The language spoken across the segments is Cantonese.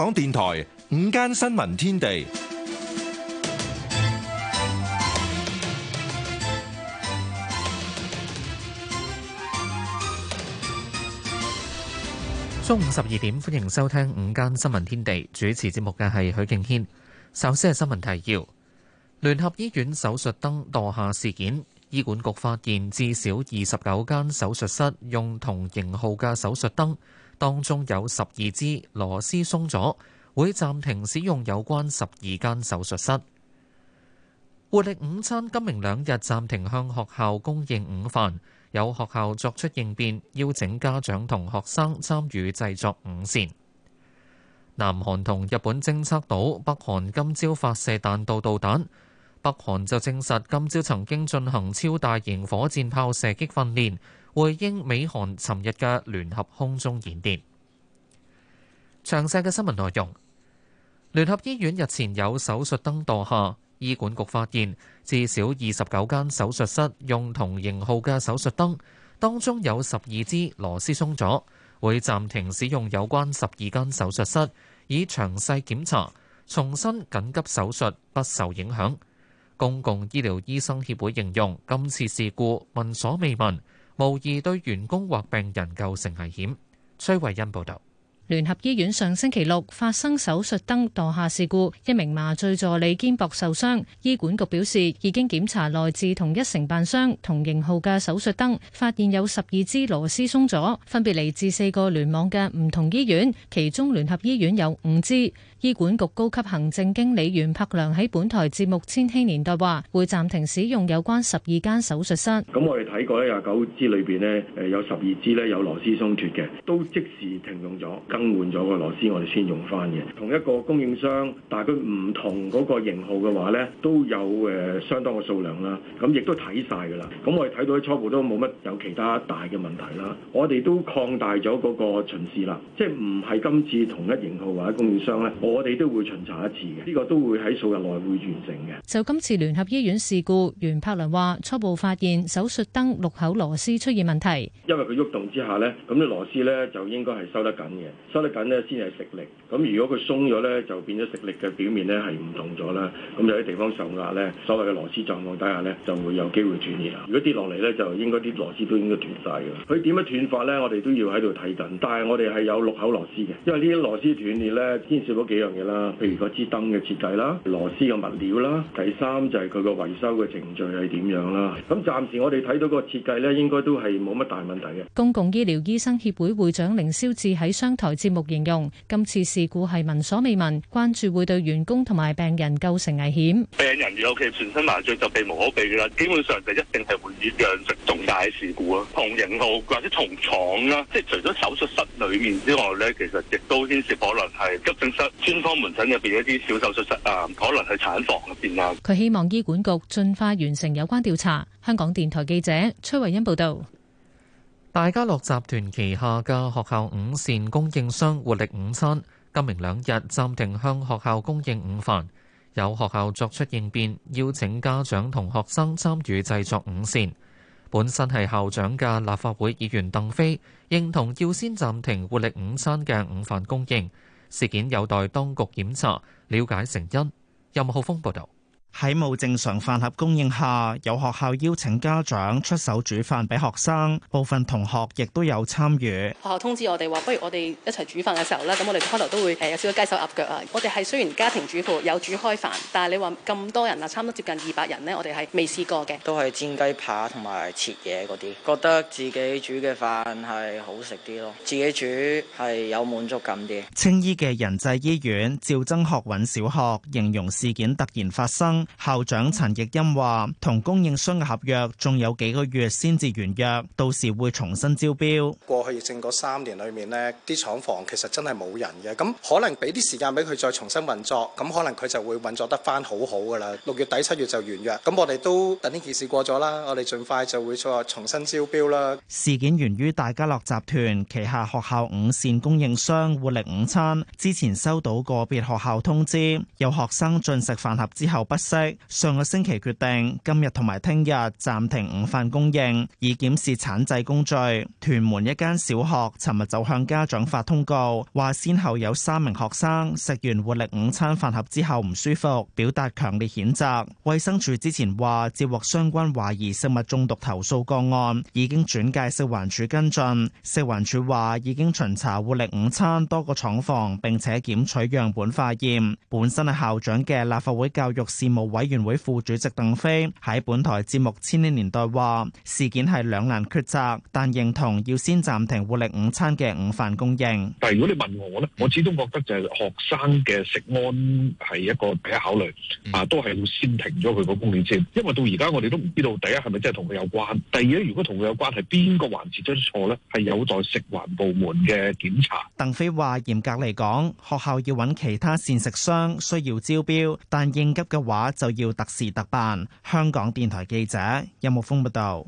香港電台午間新聞天地，中午十二點，歡迎收聽午間新聞天地。主持節目嘅係許敬軒。首先係新聞提要：聯合醫院手術燈墮下事件，醫管局發現至少二十九間手術室用同型號嘅手術燈。當中有十二支螺絲鬆咗，會暫停使用有關十二間手術室。活力午餐今明兩日暫停向學校供應午飯，有學校作出應變，邀請家長同學生參與製作午膳。南韓同日本偵測到北韓今朝發射彈道導彈，北韓就證實今朝曾經進行超大型火箭炮射擊訓練，回應美韓尋日嘅聯合空中演練。詳細嘅新聞內容。聯合醫院日前有手術燈墮下，醫管局發現至少二十九間手術室用同型號嘅手術燈，當中有十二支螺絲鬆咗，會暫停使用有關十二間手術室，以詳細檢查，重申緊急手術不受影響。公共醫療醫生協會形容今次事故聞所未聞。無疑對員工或病人構成危險。崔慧欣報道，聯合醫院上星期六發生手術燈墮下事故，一名麻醉助理肩膊受傷。醫管局表示，已經檢查嚟自同一承辦商同型號嘅手術燈，發現有十二支螺絲鬆咗，分別嚟自四個聯網嘅唔同醫院，其中聯合醫院有五支。醫管局高級行政經理袁柏良喺本台節目《千禧年代》話，會暫停使用有關十二間手術室。咁我哋睇過咧，廿九支裏邊呢，誒有十二支咧有螺絲鬆脫嘅，都即時停用咗，更換咗個螺絲，我哋先用翻嘅。同一個供應商，但係佢唔同嗰個型號嘅話咧，都有誒相當嘅數量啦。咁亦都睇晒噶啦。咁我哋睇到初步都冇乜有，有其他大嘅問題啦。我哋都擴大咗嗰個巡視啦，即係唔係今次同一型號或者供應商咧。我哋都會巡查一次嘅，呢個都會喺數日內會完成嘅。就今次聯合醫院事故，袁柏倫話初步發現手術燈六口螺絲出現問題。因為佢喐動之下呢，咁啲螺絲呢就應該係收得緊嘅，收得緊呢先係食力。咁如果佢鬆咗呢，就變咗食力嘅表面呢係唔同咗啦。咁有啲地方受壓呢，所謂嘅螺絲狀況底下呢，就會有機會斷裂。如果跌落嚟呢，就應該啲螺絲都應該斷曬㗎喇。佢點樣斷法呢？我哋都要喺度睇緊。但係我哋係有六口螺絲嘅，因為呢啲螺絲斷裂呢，牽涉到幾樣嘢啦，譬如嗰支燈嘅設計啦，螺絲嘅物料啦，第三就係佢個維修嘅程序係點樣啦。咁暫時我哋睇到個設計呢，應該都係冇乜大問題嘅。公共醫療醫生協會會長凌霄志喺商台節目形容，今次事故係聞所未聞，關注會對員工同埋病人構成危險。病人如果其全身麻醉就避無可避噶啦，基本上就一定係會釀成重大嘅事故咯。同型號或者同廠啦，即係除咗手術室裏面之外呢，其實亦都牽涉可能係急症室。官方門診入邊一啲小手術室啊，可能係產房入邊啊。佢希望醫管局盡快完成有關調查。香港電台記者崔惠恩報道。大家樂集團旗下嘅學校午膳供應商活力午餐，今明兩日暫停向學校供應午飯。有學校作出應變，邀請家長同學生參與製作午膳。本身係校長嘅立法會議員鄧飛認同要先暫停活力午餐嘅午飯供應。事件有待當局檢查，了解成因。任浩峰報道。喺冇正常飯盒供應下，有學校邀請家長出手煮飯俾學生，部分同學亦都有參與。學校通知我哋話，不如我哋一齊煮飯嘅時候呢，咁我哋開頭都會誒有少少雞手鴨腳啊。我哋係雖然家庭主婦有煮開飯，但係你話咁多人啊，差唔多接近二百人呢，我哋係未試過嘅。都係煎雞扒同埋切嘢嗰啲，覺得自己煮嘅飯係好食啲咯，自己煮係有滿足感啲。青衣嘅仁濟醫院、趙曾學韻小學形容事件突然發生。校長陳逸欽話：同供應商嘅合約仲有幾個月先至完約，到時會重新招標。過去疫症三年裏面呢啲廠房其實真係冇人嘅，咁可能俾啲時間俾佢再重新運作，咁可能佢就會運作得翻好好噶啦。六月底七月就完約，咁我哋都等呢件事過咗啦，我哋盡快就會再重新招標啦。事件源於大家樂集團旗下學校午膳供應商活力午餐之前收到個別學校通知，有學生進食飯盒之後不。上個星期決定今日同埋聽日暫停午飯供應，以檢視產製工序。屯門一間小學尋日就向家長發通告，話先後有三名學生食完活力午餐飯盒之後唔舒服，表達強烈譴責。衛生署之前話接獲相關懷疑食物中毒投訴個案，已經轉介食環署跟進。食環署話已經巡查活力午餐多個廠房，並且檢取樣本化驗。本身係校長嘅立法會教育事務。委員會副主席鄧飛喺本台節目《千禧年代》話：事件係兩難抉擇，但認同要先暫停活力午餐嘅午飯供應。但係如果你問我咧，我始終覺得就係學生嘅食安係一個第一考慮，啊，都係要先停咗佢嗰供應先。因為到而家我哋都唔知道第一係咪真係同佢有關，第二咧，如果同佢有關係，邊個環節出錯咧，係有待食環部門嘅檢查。鄧飛話：嚴格嚟講，學校要搵其他膳食商需要招標，但應急嘅話，就要特事特辦。香港電台記者任木峰報道，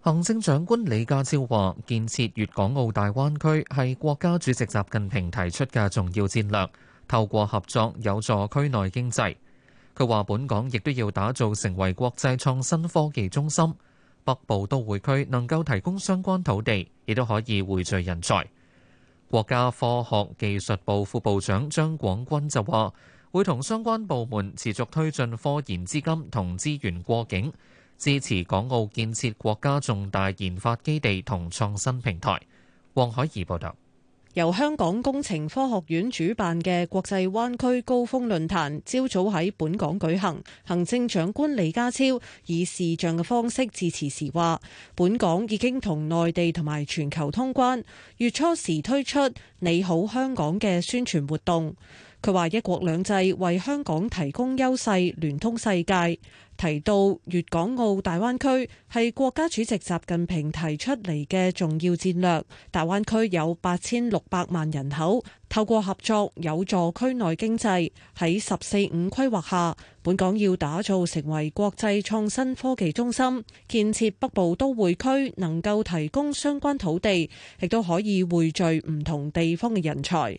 行政長官李家超話，建設粵港澳大灣區係國家主席習近平提出嘅重要戰略，透過合作有助區內經濟。佢話本港亦都要打造成為國際創新科技中心，北部都會區能夠提供相關土地，亦都可以匯聚人才。國家科學技術部副部長張廣軍就話。會同相關部門持續推進科研資金同資源過境，支持港澳建設國家重大研發基地同創新平台。黃海怡報導。由香港工程科學院主辦嘅國際灣區高峰論壇，朝早喺本港舉行。行政長官李家超以視像嘅方式致辭時話：本港已經同內地同埋全球通關，月初時推出「你好香港」嘅宣傳活動。佢話一國兩制為香港提供優勢，聯通世界。提到粵港澳大灣區，係國家主席習近平提出嚟嘅重要戰略。大灣區有八千六百萬人口，透過合作有助區內經濟。喺十四五規劃下，本港要打造成為國際創新科技中心，建設北部都會區，能夠提供相關土地，亦都可以匯聚唔同地方嘅人才。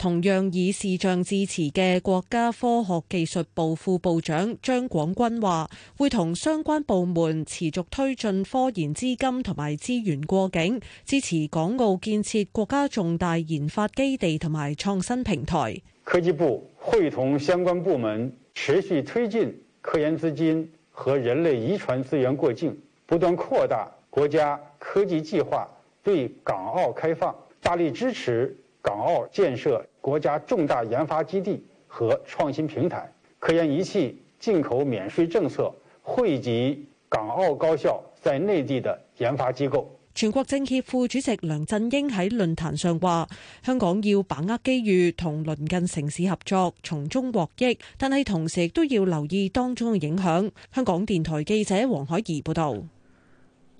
同樣以視像致詞嘅國家科學技術部副部長張廣軍話，會同相關部門持續推進科研資金同埋資源過境，支持港澳建設國家重大研發基地同埋創新平台。科技部會同相關部門持續推進科研資金和人類遺傳資源過境，不斷擴大國家科技計劃對港澳開放，大力支持港澳建設，國家重大研發基地和創新平台，科研儀器進口免稅政策惠及港澳高校在內地的研發機構。全國政協副主席梁振英喺論壇上話，香港要把握機遇同鄰近城市合作，從中獲益，但係同時都要留意當中嘅影響。香港電台記者黃海怡報道。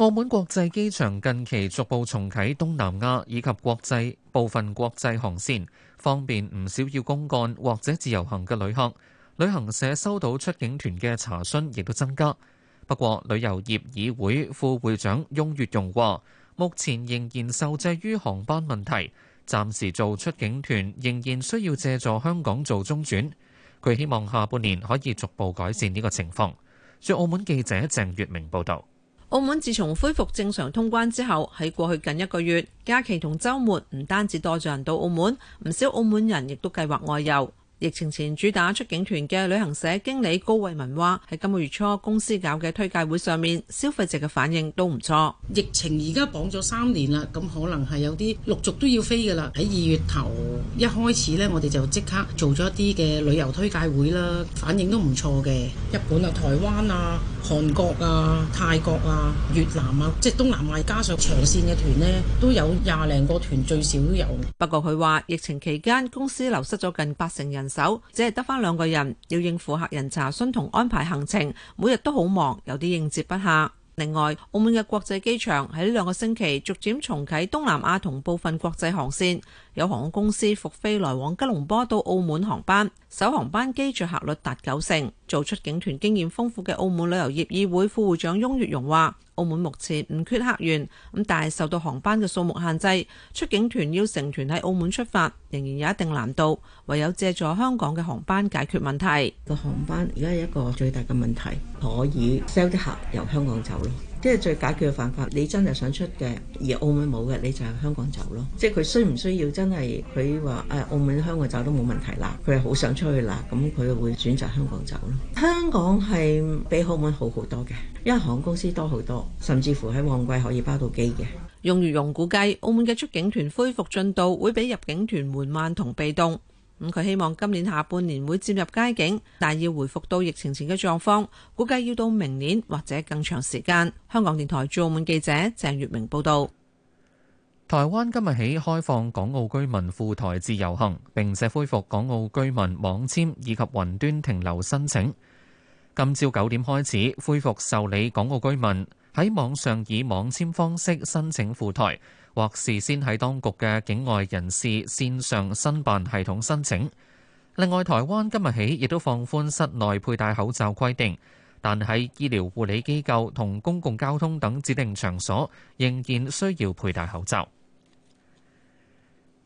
澳門國際機場近期逐步重啟東南亞以及國際部分國際航線，方便唔少要公幹或者自由行嘅旅客。旅行社收到出境團嘅查詢亦都增加。不過，旅遊業議會副會長翁月容話，目前仍然受制於航班問題，暫時做出境團仍然需要借助香港做中轉。佢希望下半年可以逐步改善呢個情況。駐澳門記者鄭月明報道。澳門自從恢復正常通關之後，喺過去近一個月，假期同週末唔單止多咗人到澳門，唔少澳門人亦都計劃外遊。疫情前主打出境團嘅旅行社經理高慧文話，喺今個月初公司搞嘅推介會上面，消費者嘅反應都唔錯。疫情而家綁咗三年啦，咁可能係有啲陸續都要飛噶啦。喺二月頭一開始呢，我哋就即刻做咗一啲嘅旅遊推介會啦，反應都唔錯嘅。日本啊、台灣啊、韓國啊、泰國啊、越南啊，即係東南亞加上長線嘅團呢，都有廿零個團最少都有。不過佢話，疫情期間公司流失咗近八成人。手只係得翻兩個人，要應付客人查詢同安排行程，每日都好忙，有啲應接不暇。另外，澳門嘅國際機場喺呢兩個星期逐漸重啟東南亞同部分國際航線。有航空公司復飛來往吉隆坡到澳門航班，首航班機載客率達九成。做出境團經驗豐富嘅澳門旅遊業議會副會長翁月容話，澳門目前唔缺客源，咁但係受到航班嘅數目限制，出境團要成團喺澳門出發仍然有一定難度，唯有借助香港嘅航班解決問題。個航班而家係一個最大嘅問題，可以 sell 啲客由香港走咯。即係最解決嘅辦法，你真係想出嘅，而澳門冇嘅，你就係香港走咯。即係佢需唔需要真係佢話誒澳門香港走都冇問題啦？佢係好想出去啦，咁佢會選擇香港走咯。香港係比澳門好好多嘅，因為航空公司多好多，甚至乎喺旺季可以包到機嘅。用餘容估計，澳門嘅出境團恢復進度會比入境團緩慢同被動。咁佢希望今年下半年會漸入佳境，但要回復到疫情前嘅狀況，估計要到明年或者更長時間。香港電台駐澳門記者鄭月明報道。台灣今日起開放港澳居民赴台自由行，並且恢復港澳居民網簽以及雲端停留申請。今朝九點開始恢復受理港澳居民喺網上以網簽方式申請赴台。或事先喺當局嘅境外人士線上申辦系統申請。另外，台灣今日起亦都放寬室內佩戴口罩規定，但喺醫療護理機構同公共交通等指定場所仍然需要佩戴口罩。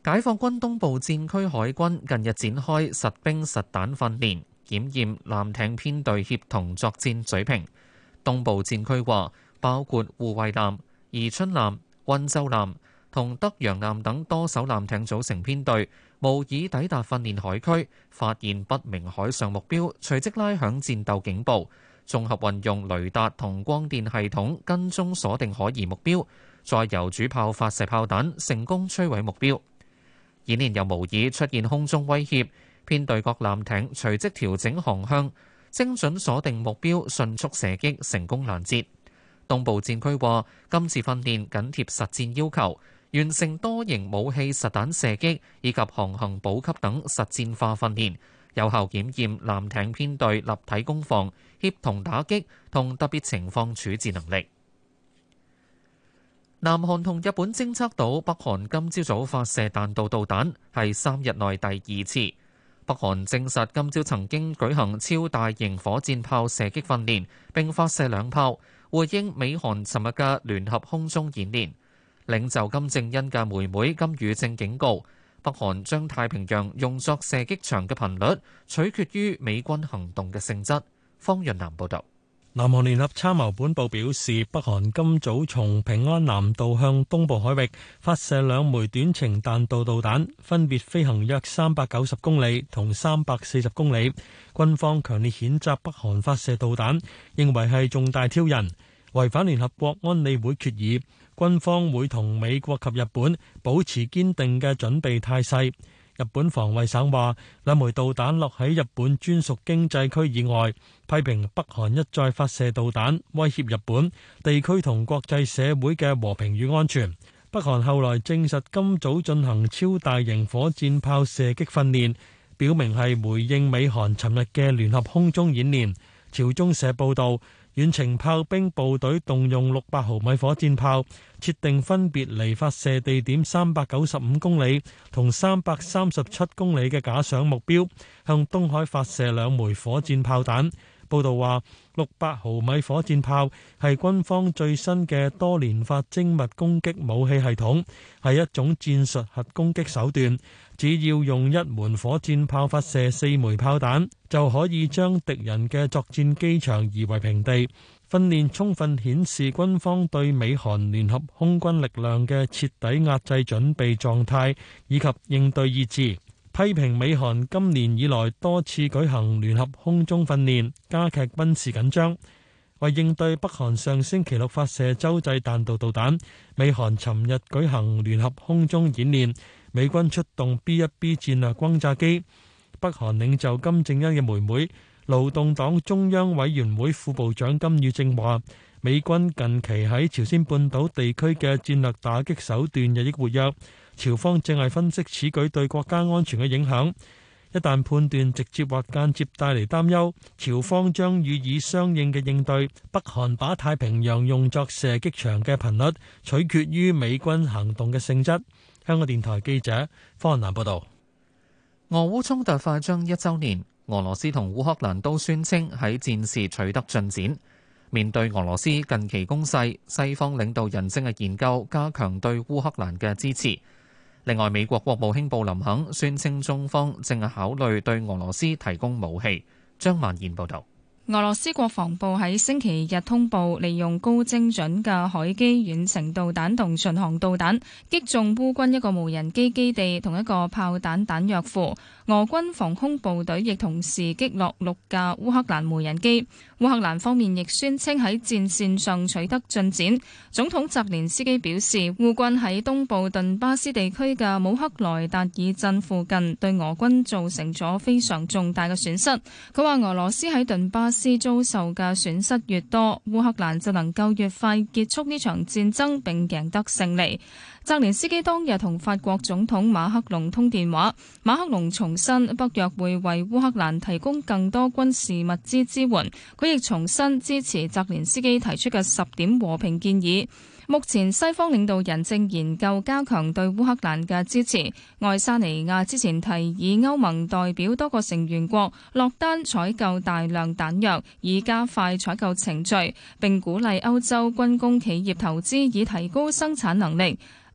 解放軍東部戰區海軍近日展開實兵實彈訓練，檢驗艦艇編隊協同作戰水平。東部戰區話，包括護衛艦、宜春艦。溫州艦同德陽艦等多艘艦艇組成編隊，模擬抵達訓練海區，發現不明海上目標，隨即拉響戰鬥警報，綜合運用雷達同光電系統跟蹤鎖定可疑目標，再由主炮發射炮彈，成功摧毀目標。演練又模擬出現空中威脅，編隊各艦艇隨即調整航向，精準鎖定目標，迅速射擊，成功攔截。東部戰區話：今次訓練緊貼實戰要求，完成多型武器實彈射擊以及航行補給等實戰化訓練，有效檢驗艦艇編隊立體攻防、協同打擊同特別情況處置能力。南韓同日本偵測到北韓今朝早發射彈道導彈，係三日內第二次。北韓證實今朝曾經舉行超大型火箭炮射擊訓練，並發射兩炮。回應美韓尋日嘅聯合空中演練，領袖金正恩嘅妹妹金宇正警告北韓將太平洋用作射擊場嘅頻率，取決於美軍行動嘅性質。方潤南報道，南韓聯合參謀本部表示，北韓今早從平安南道向東部海域發射兩枚短程彈道導彈，分別飛行約三百九十公里同三百四十公里。軍方強烈譴責北韓發射導彈，認為係重大挑釁，違反聯合國安理會決議，軍方會同美國及日本保持堅定嘅準備態勢。日本防衛省話，兩枚導彈落喺日本專屬經濟區以外，批評北韓一再發射導彈威脅日本地區同國際社會嘅和平與安全。北韓後來證實今早進行超大型火箭炮射擊訓練，表明係回應美韓尋日嘅聯合空中演練。朝中社報道。遠程炮兵部隊動用六百毫米火箭炮，設定分別離發射地點三百九十五公里同三百三十七公里嘅假想目標，向東海發射兩枚火箭炮彈。報道話，六百毫米火箭炮係軍方最新嘅多連發精密攻擊武器系統，係一種戰術核攻擊手段。只要用一門火箭炮發射四枚炮彈，就可以將敵人嘅作戰機場夷為平地。訓練充分顯示軍方對美韓聯合空軍力量嘅徹底壓制準備狀態以及應對意志。批評美韓今年以來多次舉行聯合空中訓練，加劇軍事緊張。為應對北韓上星期六發射洲際彈道導彈，美韓尋日舉行聯合空中演練。美軍出動 B 一 B 戰略轟炸機，北韓領袖金正恩嘅妹妹、勞動黨中央委員會副部長金宇正話：美軍近期喺朝鮮半島地區嘅戰略打擊手段日益活躍，朝方正係分析此舉對國家安全嘅影響。一旦判斷直接或間接帶嚟擔憂，朝方將予以相應嘅應對。北韓把太平洋用作射擊場嘅頻率取決於美軍行動嘅性質。香港電台記者方蘭南報道：俄烏衝突快將一周年，俄羅斯同烏克蘭都宣稱喺戰事取得進展。面對俄羅斯近期攻勢，西方領導人正係研究加強對烏克蘭嘅支持。另外，美國國務卿布林肯宣稱，中方正係考慮對俄羅斯提供武器。張曼燕報道。俄羅斯國防部喺星期日通報，利用高精準嘅海基遠程導彈同巡航導彈擊中烏軍一個無人機基地同一個炮彈彈藥庫。俄軍防空部隊亦同時擊落六架烏克蘭無人機。烏克蘭方面亦宣稱喺戰線上取得進展。總統澤連斯基表示，烏軍喺東部頓巴斯地區嘅姆克萊達爾鎮附近對俄軍造成咗非常重大嘅損失。佢話俄羅斯喺頓巴斯。斯遭受嘅損失越多，烏克蘭就能夠越快結束呢場戰爭並贏得勝利。澤連斯基當日同法國總統馬克龍通電話，馬克龍重申北約會為烏克蘭提供更多軍事物資支援，佢亦重申支持澤連斯基提出嘅十點和平建議。目前西方領導人正研究加強對烏克蘭嘅支持。愛沙尼亞之前提議歐盟代表多個成員國落單採購大量彈藥，以加快採購程序，並鼓勵歐洲軍工企業投資以提高生產能力。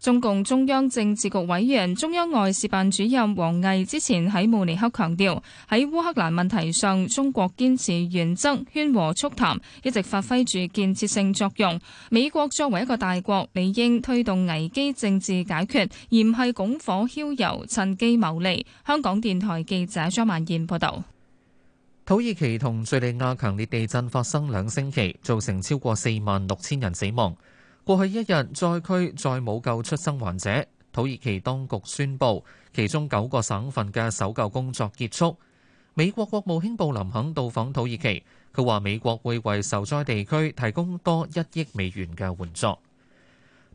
中共中央政治局委員、中央外事辦主任王毅之前喺慕尼黑強調，喺烏克蘭問題上，中國堅持原則、勸和促談，一直發揮住建設性作用。美國作為一個大國，理應推動危機政治解決，而唔係拱火澆油、趁機牟利。香港電台記者張曼燕報道：土耳其同敘利亞強烈地震發生兩星期，造成超過四萬六千人死亡。過去一日，災區再冇救出生還者。土耳其當局宣布，其中九個省份嘅搜救工作結束。美國國務卿布林肯到訪土耳其，佢話美國會為受災地區提供多一億美元嘅援助。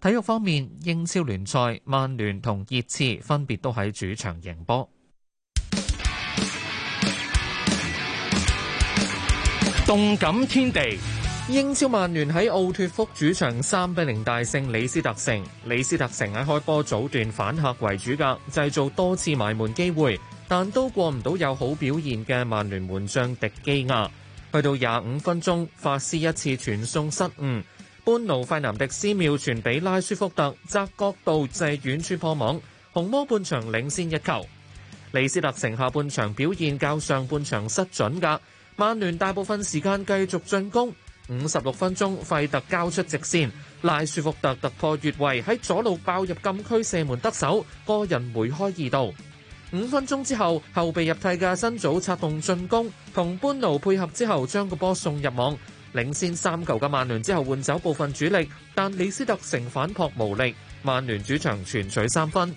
體育方面，英超聯賽，曼聯同熱刺分別都喺主場贏波。動感天地。英超曼聯喺奧脫福主場三比零大勝李斯特城。李斯特城喺開波早段反客為主噶，製造多次埋門機會，但都過唔到有好表現嘅曼聯門將迪基亞。去到廿五分鐘，法師一次傳送失誤，班奴費南迪斯妙傳俾拉舒福特，窄角度製遠處破網，紅魔半場領先一球。李斯特城下半場表現較上半場失準噶，曼聯大部分時間繼續進攻。五十六分鐘，費特交出直線，賴舒福特突破越位，喺左路爆入禁區射門得手，個人梅開二度。五分鐘之後，後備入替嘅新組策動進攻，同班奴配合之後將個波送入網，領先三球嘅曼聯之後換走部分主力，但李斯特城反撲無力，曼聯主場全取三分。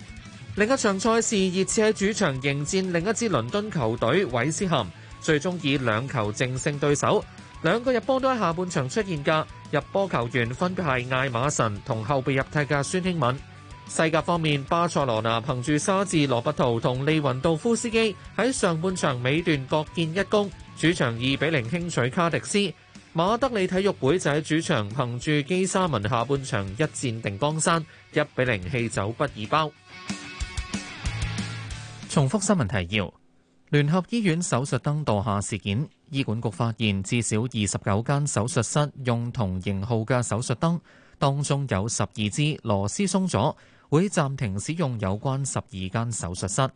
另一場賽事熱刺喺主場迎戰另一支倫敦球隊韋斯咸，最終以兩球淨勝對手。兩個入波都喺下半場出現噶，入波球，球員分別係艾馬神同後備入替嘅孫興文。西甲方面，巴塞羅那憑住沙治羅伯圖同利雲道夫斯基喺上半場尾段各建一功，主場二比零輕取卡迪斯。馬德里體育會就喺主場憑住基沙文下半場一戰定江山，一比零氣走畢爾包。重複新聞提要，聯合醫院手術燈墮下事件。醫管局發現至少二十九間手術室用同型號嘅手術燈，當中有十二支螺絲鬆咗，會暫停使用有關十二間手術室。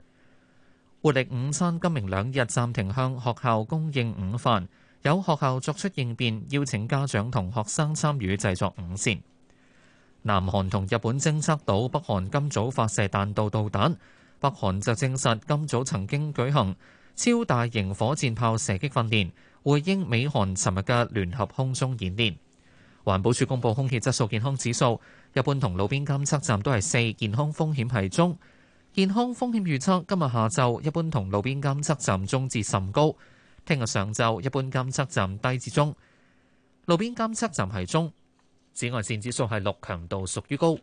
活力午餐今明兩日暫停向學校供應午飯，有學校作出應變，邀請家長同學生參與製作午膳。南韓同日本偵測到北韓今早發射彈道導彈，北韓就證實今早曾經舉行。超大型火箭炮射擊訓練，回應美韓尋日嘅聯合空中演練。環保署公布空氣質素健康指數，一般同路邊監測站都係四，健康風險係中。健康風險預測，今日下晝一般同路邊監測站中至甚高，聽日上晝一般監測站低至中，路邊監測站係中。紫外線指數係六，強度屬於高。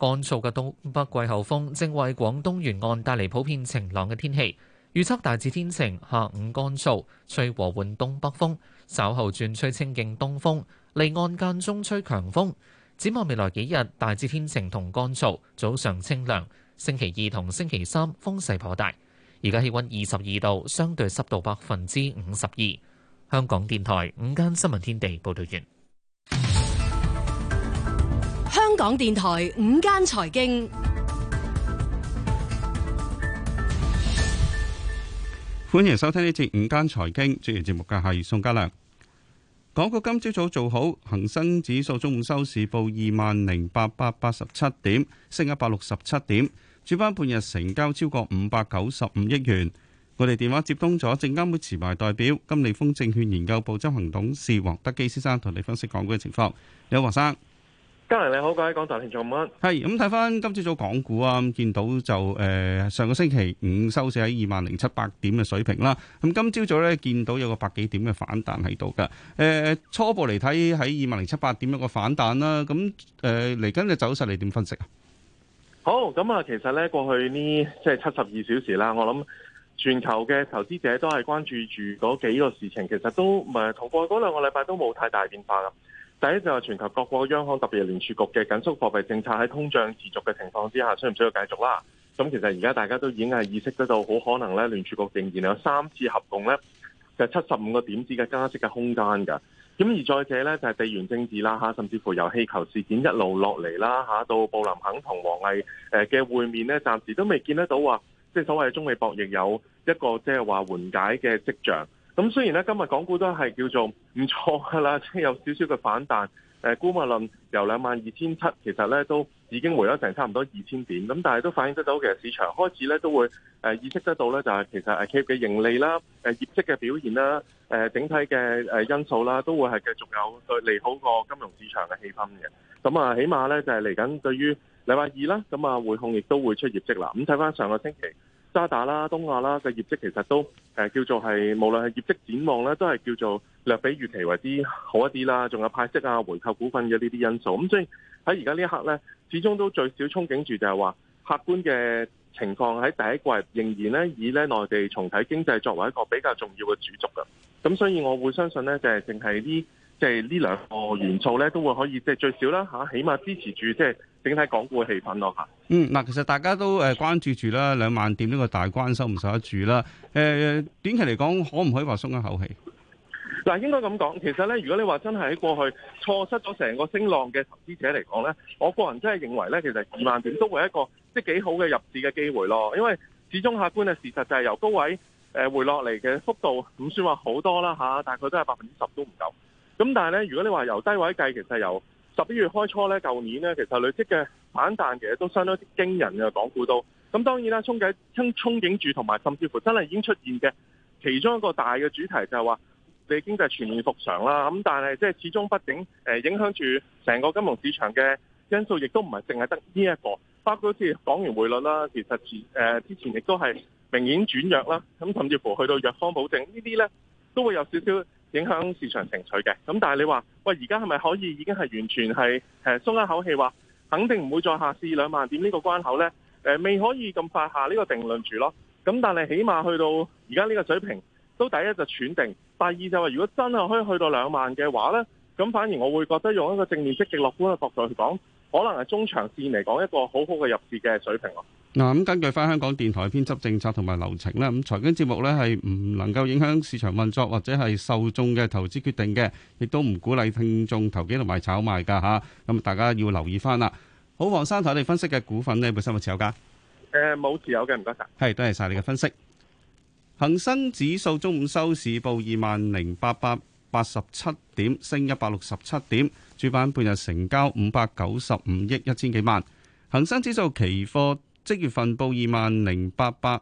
乾燥嘅東北季候風正為廣東沿岸帶嚟普遍晴朗嘅天氣。預測大致天晴，下午乾燥，吹和緩東北風，稍後轉吹清勁東風，離岸間中吹強風。展望未來幾日，大致天晴同乾燥，早上清涼。星期二同星期三風勢頗大。而家氣溫二十二度，相對濕度百分之五十二。香港電台午間新聞天地報道完。香港電台午間財經。歡迎收聽呢次午間財經，專業節目嘅係宋家良。港股今朝早，早做好，恒生指數中午收市報二萬零八百八十七點，升一百六十七點。主板半日成交超過五百九十五億元。我哋電話接通咗證監會持牌代表金利豐證券研究部執行董事黃德基好王先生，同你分析港股嘅情況。有黃生。家人你好，各位，港台，聽眾們，係咁睇翻今朝早港股啊，見到就誒、呃、上個星期五收市喺二萬零七百點嘅水平啦。咁、嗯、今朝早咧見到有個百幾點嘅反彈喺度㗎。誒、呃，初步嚟睇喺二萬零七百點有個反彈啦。咁誒嚟緊嘅走勢你點分析啊？好，咁、嗯、啊，其實咧過去呢即係七十二小時啦，我諗全球嘅投資者都係關注住嗰幾個事情，其實都唔係同過去嗰兩個禮拜都冇太大變化噶。第一就係全球各國央行，特別係聯儲局嘅緊縮貨幣政策喺通脹持續嘅情況之下，需唔需要繼續啦？咁其實而家大家都已經係意識得到，好可能咧聯儲局仍然有三次合共咧就係七十五個點子嘅加息嘅空間㗎。咁而再者咧就係地緣政治啦嚇，甚至乎由氣球事件一路落嚟啦嚇，到布林肯同王毅誒嘅會面咧，暫時都未見得到話，即係所謂中美博弈有一個即係話緩解嘅跡象。咁雖然咧，今日港股都係叫做唔錯噶啦，即係有少少嘅反彈。誒，估物論由兩萬二千七，其實咧都已經回咗成差唔多二千點。咁但係都反映得到，其實市場開始咧都會誒意識得到咧，就係、是、其實企業嘅盈利啦、誒業績嘅表現啦、誒整體嘅因素啦，都會係繼續有對利好個金融市場嘅氣氛嘅。咁啊，起碼咧就係嚟緊對於禮拜二啦，咁啊匯控亦都會出業績啦。咁睇翻上個星期。加大啦，東亞啦嘅業績其實都誒叫做係無論係業績展望咧，都係叫做略比預期為之好一啲啦。仲有派息啊、回購股份嘅呢啲因素。咁所以喺而家呢一刻咧，始終都最少憧憬住就係話，客觀嘅情況喺第一季仍然咧以咧內地重體經濟作為一個比較重要嘅主軸嘅。咁所以，我會相信咧，就係淨係啲。即係呢兩個元素咧，都會可以即係、就是、最少啦吓、啊，起碼支持住即係、就是、整體港股嘅氣氛咯、啊、吓。嗯，嗱，其實大家都誒關注住啦，兩萬點呢個大關收唔受得住啦？誒、呃，短期嚟講，可唔可以話鬆一口氣？嗱，應該咁講，其實咧，如果你話真係喺過去錯失咗成個升浪嘅投資者嚟講咧，我個人真係認為咧，其實二萬點都會一個即係幾好嘅入市嘅機會咯，因為始終客觀嘅事實就係由高位誒、呃、回落嚟嘅幅度唔算話好多啦吓、啊，大概都係百分之十都唔夠。咁但係咧，如果你話由低位計，其實由十一月開初咧，舊年咧，其實累積嘅反彈其實都相當之驚人嘅港股都。咁當然啦，憧憬、衝憧憬住，同埋甚至乎真係已經出現嘅其中一個大嘅主題就係話，你經濟全面復常啦。咁但係即係始終畢竟影響住成個金融市場嘅因素，亦都唔係淨係得呢一個，包括好似港元匯率啦，其實前、呃、之前亦都係明顯轉弱啦。咁甚至乎去到藥房保證呢啲咧，都會有少少。影響市場情緒嘅。咁，但係你話喂，而家係咪可以已經係完全係誒鬆一口氣，話肯定唔會再下試兩萬點呢個關口呢，誒，未可以咁快下呢個定論住咯。咁但係起碼去到而家呢個水平，都第一就喘定，第二就話如果真係可以去到兩萬嘅話呢，咁反而我會覺得用一個正面、積極、樂觀嘅角度去講，可能係中長線嚟講一個好好嘅入市嘅水平咯。嗱，咁根據翻香港電台嘅編輯政策同埋流程咧，咁財經節目咧係唔能夠影響市場運作或者係受眾嘅投資決定嘅，亦都唔鼓勵聽眾投機同埋炒賣噶吓。咁大家要留意翻啦。好，黃生同我哋分析嘅股份呢，有冇本身持有噶？誒，冇持有嘅，唔該晒。係，多謝晒你嘅分析。恒生指數中午收市報二萬零八百八十七點，升一百六十七點，主板半日成交五百九十五億一千幾萬。恒生指數期貨。即月份報二萬零八百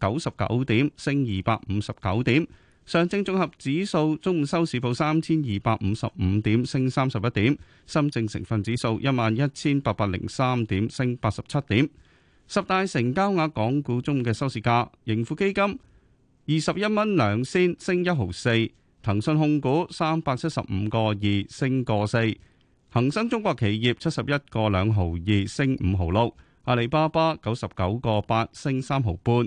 九十九點，升二百五十九點。上證綜合指數中午收市報三千二百五十五點，升三十一點。深證成分指數一萬一千八百零三點，升八十七點。十大成交額港股中午嘅收市價，盈富基金二十一蚊兩仙，升一毫四。騰訊控股三百七十五個二，升個四。恒生中國企業七十一個兩毫二，升五毫六。阿里巴巴九十九個八升三毫半，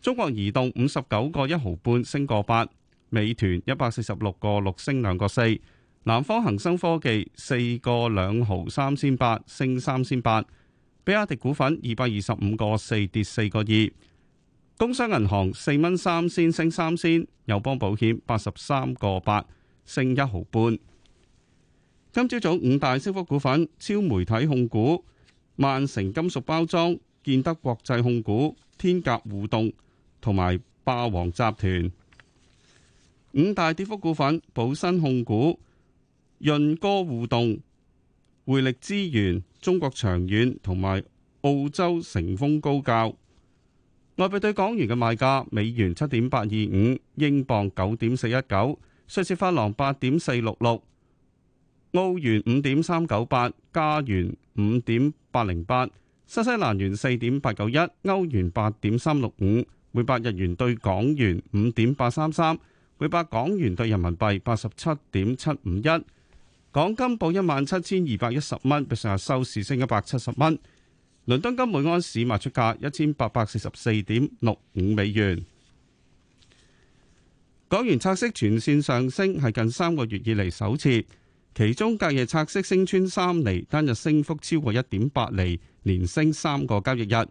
中國移動五十九個一毫半升個八，美團一百四十六個六升兩個四，南方恒生科技四個兩毫三仙八升三仙八，比亞迪股份二百二十五個四跌四個二，工商銀行四蚊三仙升三仙，友邦保險八十三個八升一毫半。今朝早五大升幅股份，超媒體控股。萬城金屬包裝、建德國際控股、天鴿互動、同埋霸王集團。五大跌幅股份：寶新控股、潤歌互動、匯力資源、中國長遠同埋澳洲成峰高教。外幣對港元嘅賣價：美元七點八二五，英鎊九點四一九，瑞士法郎八點四六六。澳元五點三九八，加元五點八零八，新西蘭元四點八九一，歐元八點三六五，每百日元對港元五點八三三，每百港元對人民幣八十七點七五一。港金報一萬七千二百一十蚊，比上日收市升一百七十蚊。倫敦金每安士賣出價一千八百四十四點六五美元。港元拆息全線上升，係近三個月以嚟首次。其中隔夜拆息升穿三厘，單日升幅超過一點八厘，連升三個交易日。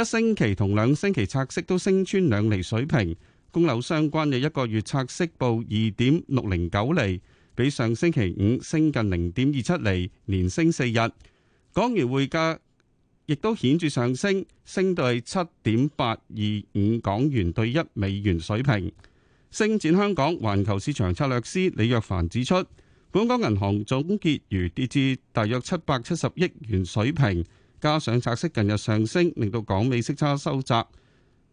一星期同兩星期拆息都升穿兩厘水平，供樓相關嘅一個月拆息報二點六零九厘，比上星期五升近零點二七厘，連升四日。港元匯價亦都顯著上升，升到七點八二五港元兌一美元水平。星展香港環球市場策略師李若凡指出，本港銀行總結餘跌至大約七百七十億元水平，加上拆息近日上升，令到港美息差收窄，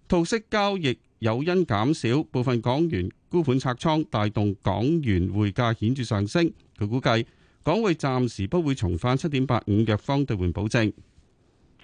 套息交易誘因減少，部分港元沽盤拆倉，帶動港元匯價顯著上升。佢估計港匯暫時不會重返七點八五弱方兌換保證。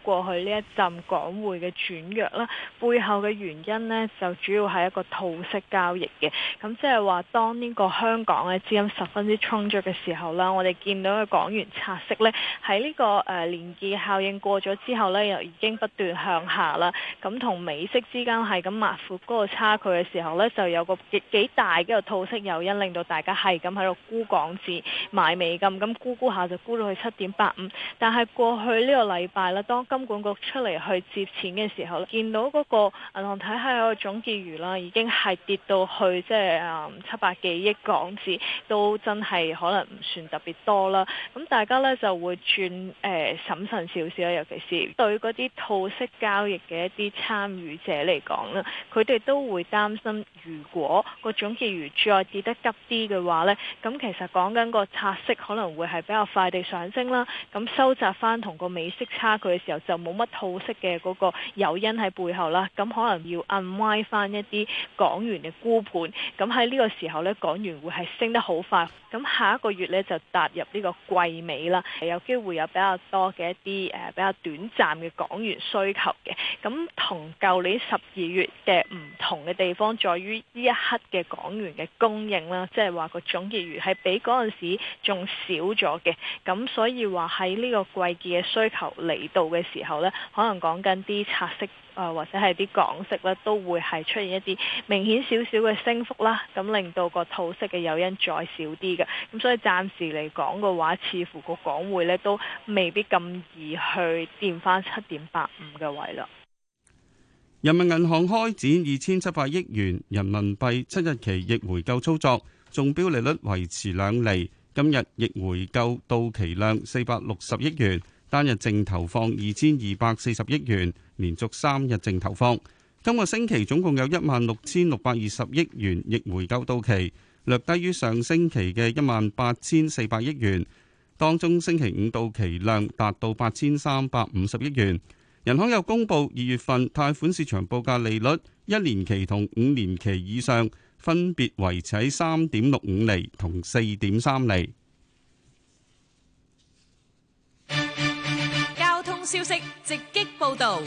過去呢一陣港匯嘅轉弱啦，背後嘅原因呢就主要係一個套息交易嘅。咁即係話當呢個香港嘅資金十分之充足嘅時候啦，我哋見到嘅港元拆息呢喺呢個誒年結效應過咗之後呢，又已經不斷向下啦。咁同美息之間係咁蠻闊嗰個差距嘅時候呢，就有一個幾幾大嘅套息誘因，令到大家係咁喺度沽港紙買美金，咁沽沽下就沽到去七點八五。但係過去呢個禮拜啦，當今金管局出嚟去接錢嘅時候咧，見到嗰個銀行體系個總結餘啦，已經係跌到去即係誒七百幾億港紙，都真係可能唔算特別多啦。咁大家咧就會轉誒審慎少少，尤其是對嗰啲套息交易嘅一啲參與者嚟講啦，佢哋都會擔心，如果個總結餘再跌得急啲嘅話咧，咁其實講緊個拆息可能會係比較快地上升啦，咁收窄翻同個美息差距嘅時候，就冇乜套息嘅嗰個誘因喺背後啦，咁可能要 unwind 翻一啲港元嘅沽盤，咁喺呢個時候咧，港元會係升得好快。咁下一個月咧就踏入呢個季尾啦，係有機會有比較多嘅一啲誒、呃、比較短暫嘅港元需求嘅。咁同舊年十二月嘅唔同嘅地方，在於呢一刻嘅港元嘅供應啦，即係話個總結餘係比嗰陣時仲少咗嘅，咁所以話喺呢個季結嘅需求嚟到嘅時時候咧，可能講緊啲拆息啊，或者係啲港息咧，都會係出現一啲明顯少少嘅升幅啦，咁令到個套息嘅誘因再少啲嘅，咁所以暫時嚟講嘅話，似乎個港匯咧都未必咁易去掂返七點八五嘅位咯。人民銀行開展二千七百億元人民幣七日期逆回購操作，中標利率維持兩厘，今日逆回購到期量四百六十億元。單日淨投放二千二百四十億元，連續三日淨投放。今個星期總共有一萬六千六百二十億元逆回購到期，略低於上星期嘅一萬八千四百億元。當中星期五到期量達到八千三百五十億元。人行又公布二月份貸款市場報價利率，一年期同五年期以上分別維持喺三點六五厘同四點三厘。消息直擊報道，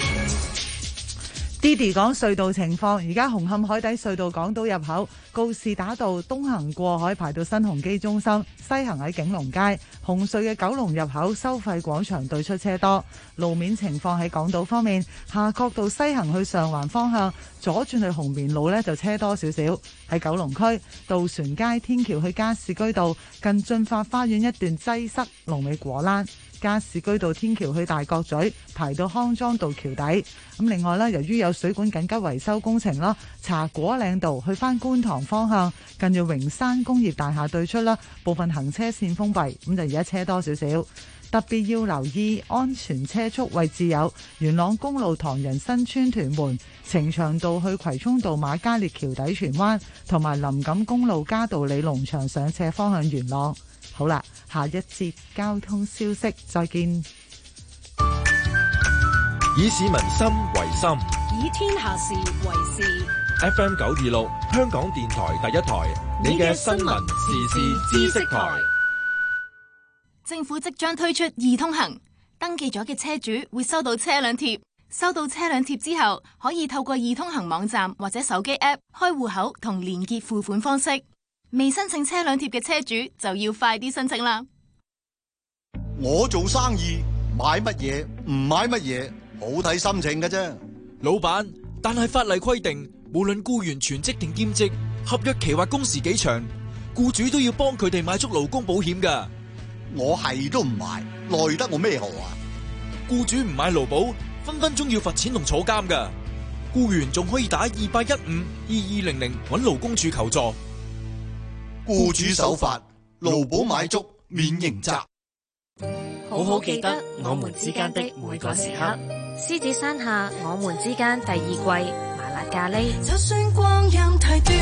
睇睇講隧道情況，而家紅磡海底隧道港島入口告士打道東行過海排到新鴻基中心，西行喺景隆街，紅隧嘅九龍入口收費廣場對出車多，路面情況喺港島方面，下角道西行去上環方向，左轉去紅棉路呢就車多少少，喺九龍區渡船街天橋去加士居道近駿發花園一段擠塞龍果，龍尾果欄。加士居道天橋去大角咀排到康莊道橋底，咁另外呢由於有水管緊急維修工程啦，茶果嶺道去返觀塘方向近住榮山工業大廈對出啦，部分行車線封閉，咁就而家車多少少。特別要留意安全車速位置有元朗公路唐人新村屯門、呈祥道去葵涌道瑪嘉烈橋底荃灣，同埋林錦公路嘉道理農場上斜方向元朗。好啦，下一節交通消息再見。以市民心為心，以天下事為事。FM 九二六，香港電台第一台，你嘅新聞時事知識台。政府即將推出易通行，登記咗嘅車主會收到車輛貼，收到車輛貼之後，可以透過易通行網站或者手機 App 開戶口同連結付款方式。未申請車輛貼嘅車主就要快啲申請啦。我做生意買乜嘢唔買乜嘢，好睇心情噶啫。老闆！但係法例規定，無論僱員全職定兼職，合約期或工時幾長，僱主都要幫佢哋買足勞工保險噶。我係都唔買，奈得我咩何啊？僱主唔買勞保，分分鐘要罰錢同坐監噶。僱員仲可以打二八一五二二零零揾勞工處求助。僱主守法，勞保買足免刑責。好好記得我們之間的每個時刻。獅子山下，我們之間第二季，麻辣咖喱。就算光陰太短，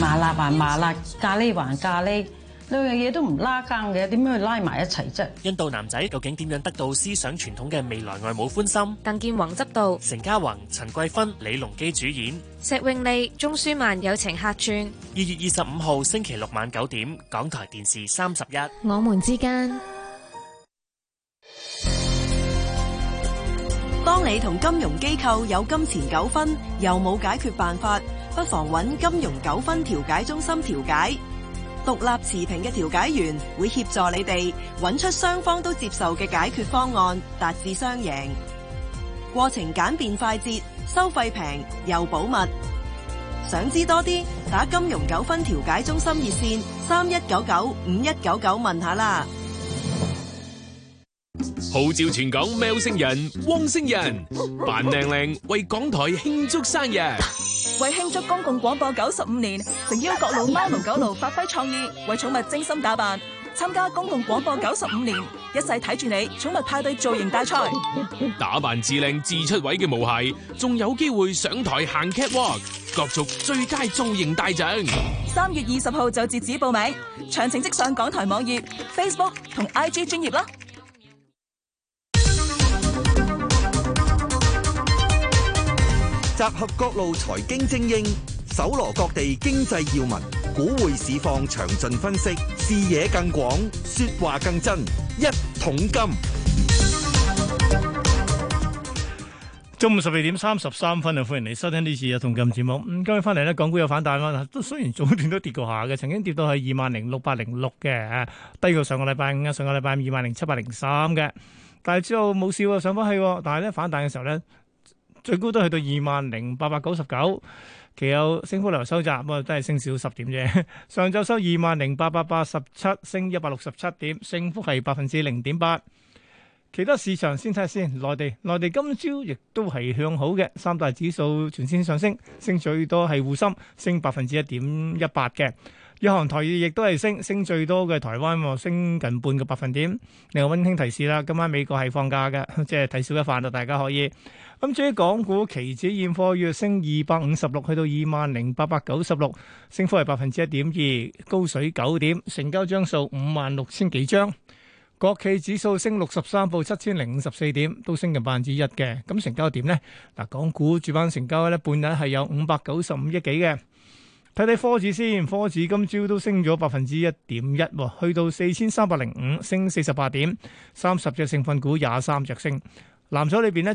麻辣還麻辣，咖喱還咖喱。兩樣嘢都唔拉更嘅，點樣去拉埋一齊啫？印度男仔究竟點樣得到思想傳統嘅未來外母歡心？鄧健泓執導，成家宏、陳桂芬、李龍基主演，石詠莉、鍾舒漫友情客串。二月二十五號星期六晚九點，港台電視三十一。我們之間。當你同金融機構有金錢糾紛又冇解決辦法，不妨揾金融糾紛調解中心調解。獨立持平嘅調解員會協助你哋揾出雙方都接受嘅解決方案，達至雙贏。過程簡便快捷，收費平又保密。想知多啲，打金融糾紛調解中心熱線三一九九五一九九問下啦。號召全港喵星人、汪星人扮靚靚，名名為港台慶祝生日。為慶祝公共廣播九十五年，誠邀各路貓奴狗奴發揮創意，為寵物精心打扮，參加公共廣播九十五年一世睇住你寵物派對造型大賽。打扮至靚至出位嘅毛孩，仲有機會上台行 catwalk，角逐最佳造型大獎。三月二十號就截止報名，詳情即上港台網頁、Facebook 同 IG 專頁啦。集合各路財經精英，搜羅各地經濟要聞，股匯市況詳盡分析，視野更廣，說話更真。一桶金。中午十二點三十三分啊，歡迎你收聽呢次一桶金節目。今日翻嚟咧，港股有反彈啦，都雖然早段都跌過下嘅，曾經跌到係二萬零六百零六嘅，低過上個禮拜五啊，上個禮拜五二萬零七百零三嘅，但係之後冇事喎，上翻去，但係咧反彈嘅時候咧。最高都去到二萬零八百九十九，其有升幅嚟收窄，咁啊都係升少十點啫。上晝收二萬零八百八十七，升一百六十七點，升幅係百分之零點八。其他市場先睇下先，內地內地今朝亦都係向好嘅，三大指數全線上升，升最多係滬深，升百分之一點一八嘅。日韓台亦都係升，升最多嘅台灣，升近半個百分點。另外溫馨提示啦，今晚美國係放假嘅，即係睇少一份啦，大家可以。咁至於港股期指現貨月，升二百五十六，去到二萬零八百九十六，升幅係百分之一點二，高水九點，成交張數五萬六千幾張。國企指數升六十三，到七千零五十四點，都升近百分之一嘅。咁成交點咧，嗱，港股主板成交咧，半日係有五百九十五億幾嘅。睇睇科指先，科指今朝都升咗百分之一點一喎，去到四千三百零五，升四十八點，三十隻成份股廿三隻升。藍籌裏邊咧。